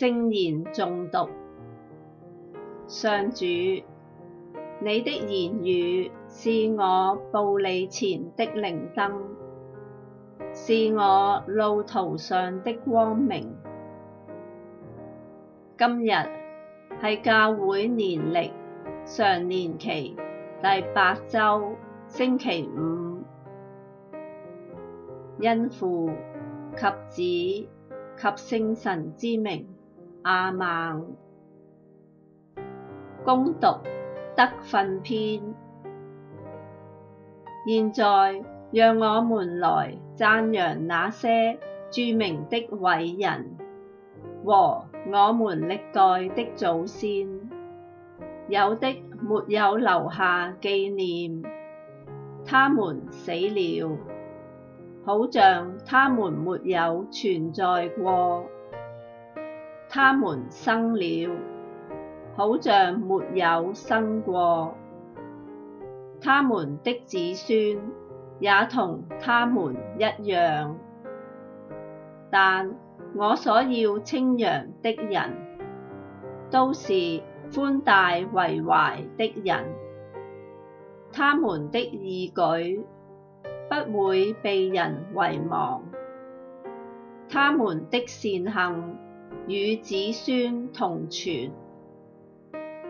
聖言誦讀，上主，你的言語是我步履前的靈燈，是我路途上的光明。今日係教會年曆常年期第八周星期五，因父及子及聖神之名。阿曼，恭讀德訓篇。現在，讓我們來讚揚那些著名的偉人和我們歷代的祖先。有的沒有留下紀念，他們死了，好像他們沒有存在過。他們生了，好像沒有生過。他們的子孫也同他們一樣。但我所要稱揚的人，都是寬大為懷的人。他們的義舉，不會被人遺忘。他們的善行，與子孫同存，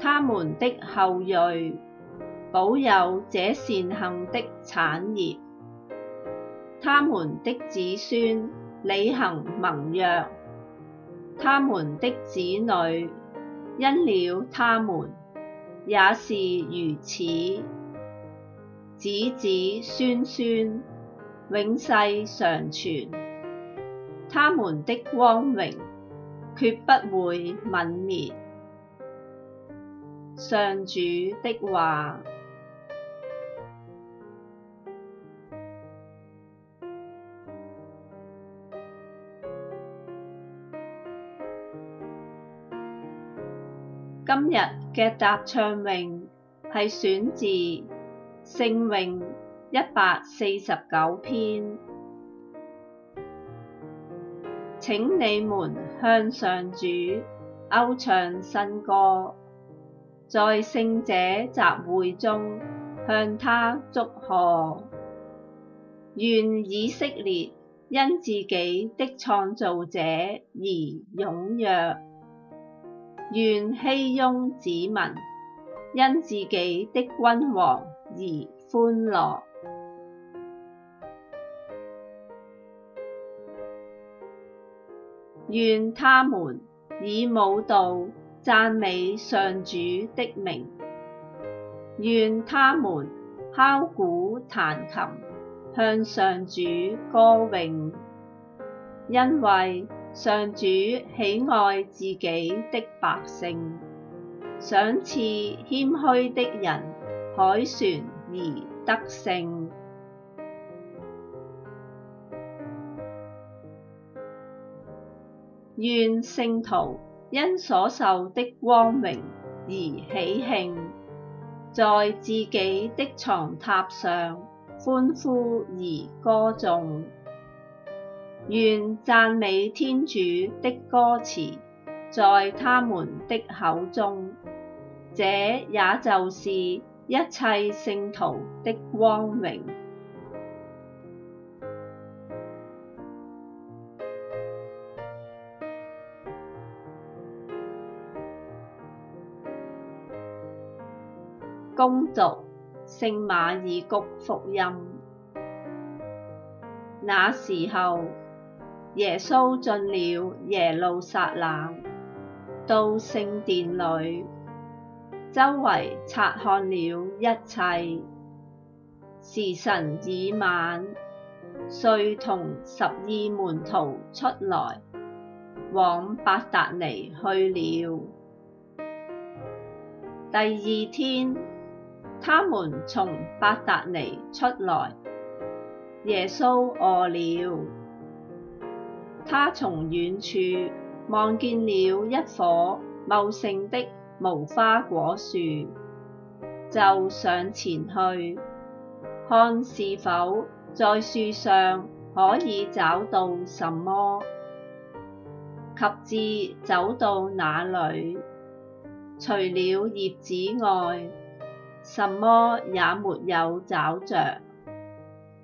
他們的後裔保有這善行的產業，他們的子孫履行盟約，他們的子女因了他們也是如此，子子孫孫永世常存，他們的光榮。決不會泯滅。上主的話。今日嘅答唱詠係選自聖詠一百四十九篇。請你們向上主謳唱新歌，在聖者集會中向他祝賀。願以色列因自己的創造者而踴躍，願熙雍子民因自己的君王而歡樂。願他們以舞蹈讚美上主的名，願他們敲鼓彈琴向上主歌詠，因為上主喜愛自己的百姓，賞賜謙虛的人，凱旋而得勝。願聖徒因所受的光榮而喜慶，在自己的床榻上歡呼而歌頌。願讚美天主的歌詞在他們的口中，這也就是一切聖徒的光榮。恭讀聖馬爾谷福音。那時候，耶穌進了耶路撒冷，到聖殿裏，周圍察看了一切。時辰已晚，遂同十二門徒出來，往伯達尼去了。第二天，他們從伯達尼出來，耶穌餓了，他從遠處望見了一棵茂盛的無花果樹，就上前去，看是否在樹上可以找到什麼，及至走到那裡，除了葉子外，什麼也沒有找著，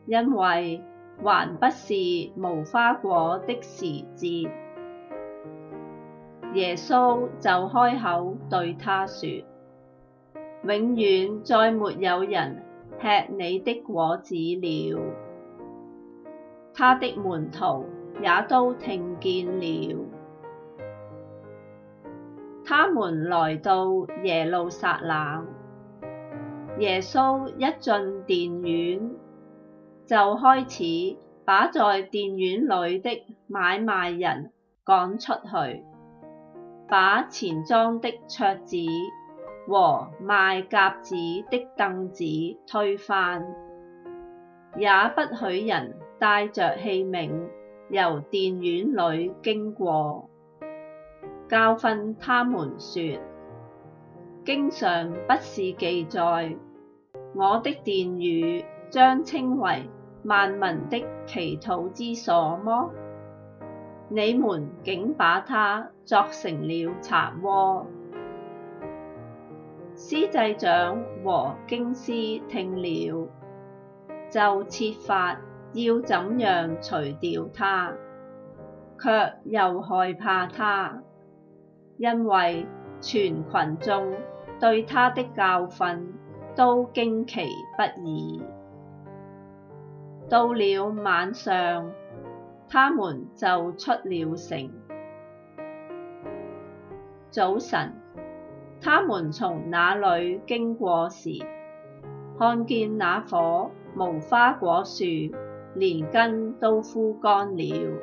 因為還不是無花果的時節。耶穌就開口對它說：永遠再沒有人吃你的果子了。他的門徒也都聽見了。他們來到耶路撒冷。耶穌一進殿院，就開始把在殿院裏的買賣人趕出去，把錢莊的桌子和賣鴿子的凳子推翻，也不許人帶着器皿由殿院裏經過。教訓他們說：經上不是記載。我的殿宇將稱為萬民的祈禱之所麼？你們竟把它作成了賊窩！司祭長和經師聽了，就設法要怎樣除掉他，卻又害怕他，因為全群眾對他的教訓。都驚奇不已。到了晚上，他們就出了城。早晨，他們從那裏經過時，看見那棵無花果樹連根都枯乾了。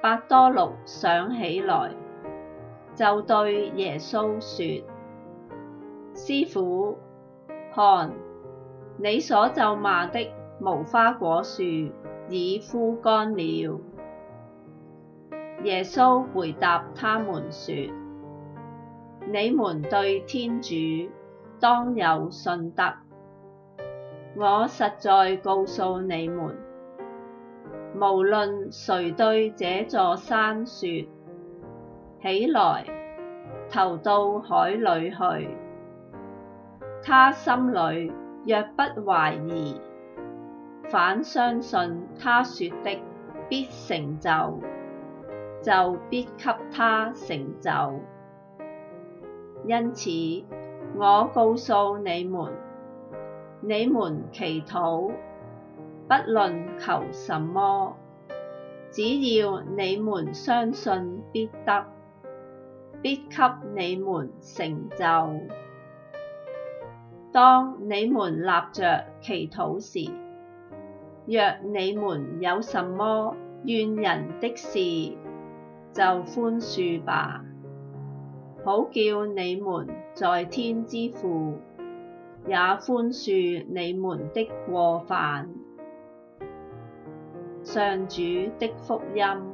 伯多祿想起來，就對耶穌說。師傅，看，你所咒罵的無花果樹已枯乾了。耶穌回答他們說：你們對天主當有信德。我實在告訴你們，無論誰對這座山說：起來，投到海裏去。他心裏若不懷疑，反相信他說的必成就，就必給他成就。因此，我告訴你們，你們祈禱，不論求什麼，只要你們相信必得，必給你們成就。當你們立着祈禱時，若你們有什麼怨人的事，就寬恕吧！好叫你們在天之父也寬恕你們的過犯。上主的福音。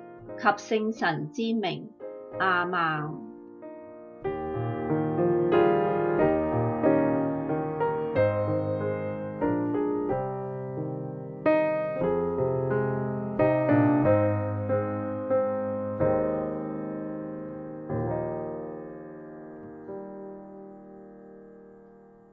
及聖神之名，阿曼。